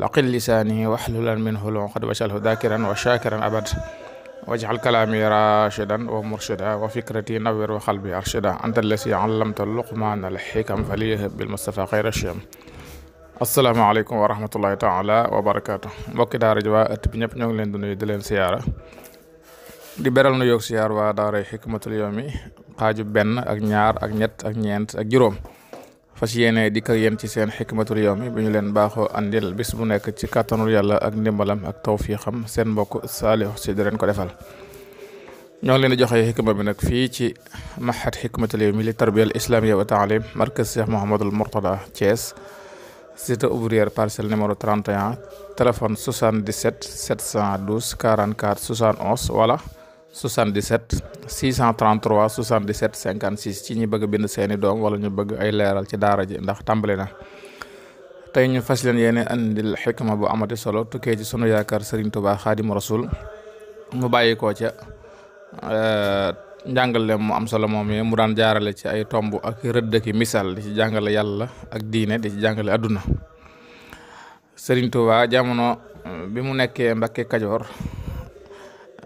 laqil lisaani waxlulan minhu lonqad wacalhu dakiran wa shakiran abad wajal kalaami rashidan wa murshida wa fikrati nawir wa xalbi arshida anta allasi allamta luqmaan alxikam faliyahab bilmustafa xayra shiyam asalaamaaleykum wa rahmatullahi taala wa barakaatu mbokki daara ji waa ëtt ñoo ngi leen di nuyu di leen siyaara di beral nu yoog siyaar waa daaray xikmatul yawmi xaaju benn ak ñaar ak ñett ak ak juróom fas yéene dikk ak yéen ci seen xikmatul yawmi bi ñu leen baaxoo andil bis bu nekk ci kàttanul yàlla ak ndimbalam ak tawfiixam seen mbokk Saliou Sy di leen ko defal ñoo ngi leen di joxe xikma bi nag fii ci mahad xikmatul yawmi li tarbiya al islamiyya wa taalim markaz Cheikh Mouhamadul Mourtada Thiès cité ouvrière parcelle numéro 31 téléphone 77 712 44 71 wala 77 633 77 56 ci ñi bëgg bind seeni doom wala ñu bëgg ay leeral ci daara ji ndax tàmbali na tey ñu fas leen yéene andil ma bu amati solo tukkee ci sunu yaakaar Serigne Touba Xaadimu Rasul mu bàyyi ko ca euh, njàngale mu am solo moom mu daan jaarale ci ay tomb ak rëdd ki misaal di ci jàngale yàlla ak diine di ci jàngale adduna Serigne Touba jamono euh, bi mu nekkee Mbakke Kajoor.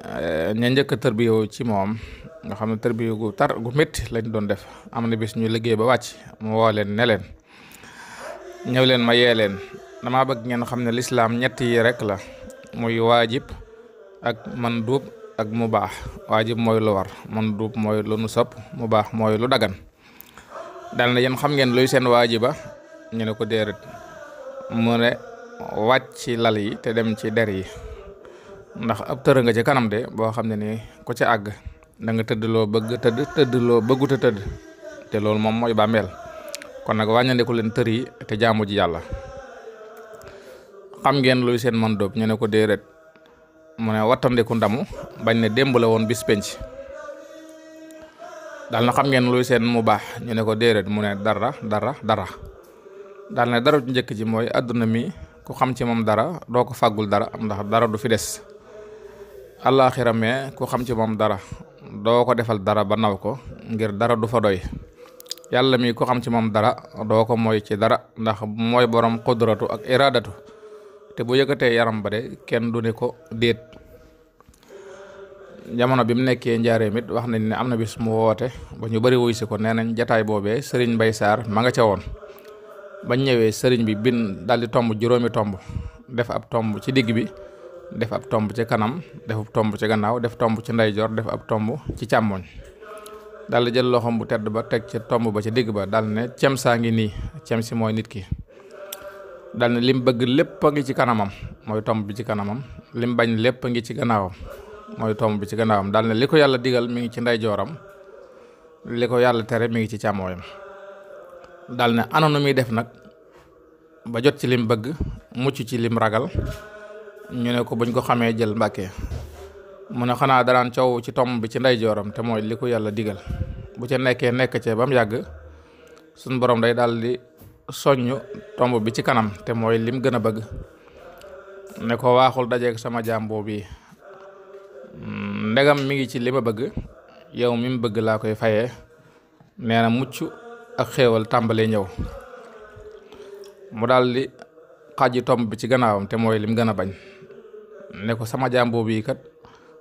Euh, ña njëkk a tërbiyewu ci moom nga xam ne tërbiye gu tar gu métti lañ doon def am na bis ñu liggéey ba wàcc mu woo leen ne leen ñëw leen ma yee leen dama bëgg ngeen xam ne lislaam ñett yi rek la muy waajib ak man duub ak mu baax waajib mooy lu war man duub mooy lu nu sopp mu baax mooy lu dagan dal na yenn xam ngeen luy seen waajiba ñu ne ko déerit mu ne wàcc lal yi te dem ci der yi ndax ab tërë nga ci kanam de boo xam ne nii ku ci àgg da nga tëdd loo bëgg tëdd tëdd loo bëggut tëdd te loolu moom mooy bàmmeel kon nag wàññandiku leen tër yi te jaamu ji yàlla xam ngeen luy seen man dóob ñu ne ko déedéet mu ne ndamu bañ ne démb la woon bis penc xam ngeen luy seen mu baax ñu ne ko déedéet mu ne dara dara dara daal ne dara njëkk ji mooy àdduna mi ku xam ci moom dara doo ko fàggul dara ndax dara du fi des àllaaxira me ku xam ci moom dara doo ko defal dara ba naw ko ngir dara du fa doy yàlla mi ku xam ci moom dara doo ko moy ci dara ndax mooy borom qudratu ak iraadatu te bu yëkkatee yaram ba de kenn du ne ko déet jamono bi mu nekkee njaareem it wax nañ ne am na bis mu woote ba ñu bari wuy ko nee nañ jataay boobee sëriñ Mbay Saar ma nga ca woon bañ ñëwee sëriñ bi bind daldi tomb juróomi tomb def ab tomb ci digg bi def ab tomb ci kanam defu ab tomb ci gannaaw def tomb ci ndeyjoor def ab tomb ci càmmoñ daal di jël loxoom bu tedd ba teg ca tomb ba ca digg ba dal ne cem saa ngi nii cem si mooy nit ki daal ne lim bëgg lépp a ngi ci kanamam mooy tomb bi ci kanamam lim bañ lépp a ngi ci gannaawam mooy tomb bi ci gannaawam dal ne li ko yàlla digal mu ngi ci ndeyjooram li ko yàlla tere mi ngi ci càmmooyam dal ne anoon na muy def nag ba jot ci lim bëgg mucc ci lim ragal ñu ne ko buñ ko xamee jël mbàkke mun ne xanaa danaan coow ci tomb bi ci ndeyjooram te mooy li ko yàlla digal bu ca nekkee nekk cee ba mu yàgg suñ borom day daal di soññ tomb bi ci kanam te mooy lim gën a bëgg ne ko waaxul dajeeg sama jaam boobu mm, ndegam mi ngi ci li bëgg yow mi mu bëgg laa koy fayee nee na mucc ak tàmbalee ñëw mu daal di xaaji tomb bi ci gannaawam te mooy lim gën a bañ ne ko sama jaam boobu yi kat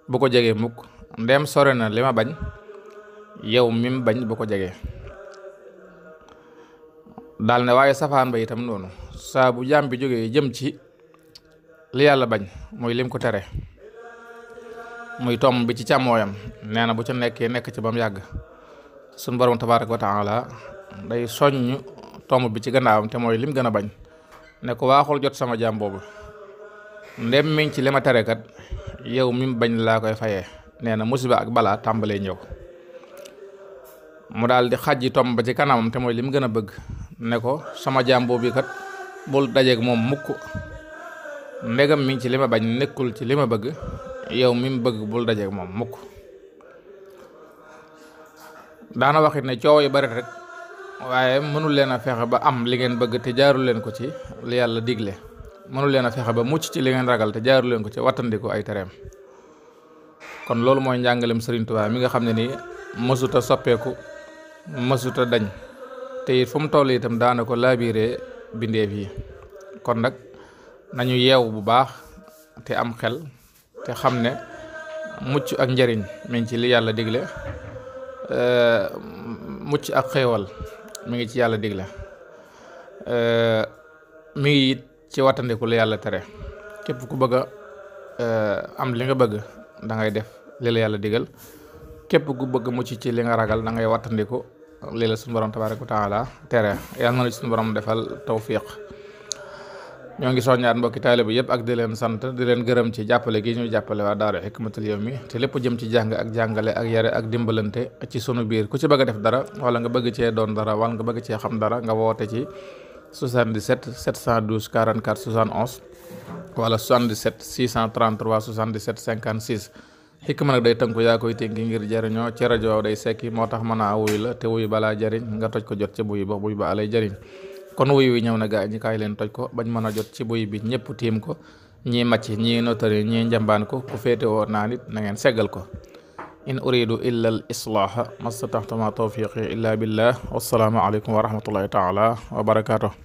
bu ko jegee mukk ndem sore na li ma bañ yow mi bañ bu ko jegee daal ne waaye safaan ba itam noonu saa bu jaam bi jógee jëm ci li yàlla bañ muy lim ko tere muy tomb bi ci càmmooyam nee na bu ca nekkee nekk ci ba yàgg sun borom tabaaraka wa taala day soññ tomb bi ci gannaawam te mooy lim gën a bañ ne ko waaxul jot sama jaam boobu ndem mi ngi ci li ma tere kat yow mi mu bañ laa koy fayee nee na musiba ak balaa tàmbalee ñëw mu daal di xàjji tomb ba ci kanamam te mooy li mu gën a bëgg ne ko sama jaam boobu kat bul dajeek moom mukk ndegam mi ngi ci li ma bañ nekkul ci li ma bëgg yow mi bëgg bul dajeek moom mukk daana waxit ne coow yu bari rek waaye mënul leen a fexe ba am li ngeen bëgg te jaarul leen ko ci li yàlla digle mënu leen a fexe ba mucc ci li ngeen ragal te jaaru ko ci wattandiku ay tereem kon loolu mooy njàngalem Sëriñ Tuubaa mi nga xam ne ni mësuta soppeeku mësuta dañ te it fu mu toll itam daana ko laabiire bindeef yi kon nag nañu yeew bu baax te am xel te xam ne mucc ak njariñ mi ngi ci li yàlla digle euh, mucc ak xéewal mi ngi ci yàlla digle euh, ci wattandiku la yàlla tere képp ku bëgg a eh, am li nga bëgg da ngay def li la yàlla digal képp ku bëgg mucc ci li nga ragal da ngay wattandiku li la suñu borom tabaaraka wa taala tere yàlla na la suñu borom defal tawfiq ñoo ngi soññaat mbokki taalibe yëpp ak di leen sant di leen gërëm ci jàppale gi ñuy jàppale waa Daara Hikmatul mi te lépp jëm ci jàng ak jàngale ak yare ak dimbalante ci sunu biir ku ci bëgg def dara wala nga bëgg cee doon dara wala nga bëgg cee xam dara nga woote ci 77 712 44 71 wala 77 633 77 56 xikma nag day tënku yaa koy tënki ngir jariñoo ci rajo day sekki moo tax mën a wuy la te wuy balaa jariñ nga toj ko jot ci buy ba buy ba alay jariñ kon wuy wi ñëw na gaa ñi kaay leen toj ko bañ mën a jot ci buy bi ñëpp tiim ko ñii màcc ñii notari ñii njambaan ko ku féete woo naa nit nangeen seggal ko in uridu illa al islaaha mastataxtama tawfiqi illa billah wassalaamu aleykum wa rahmatullahi taala wa barakatuh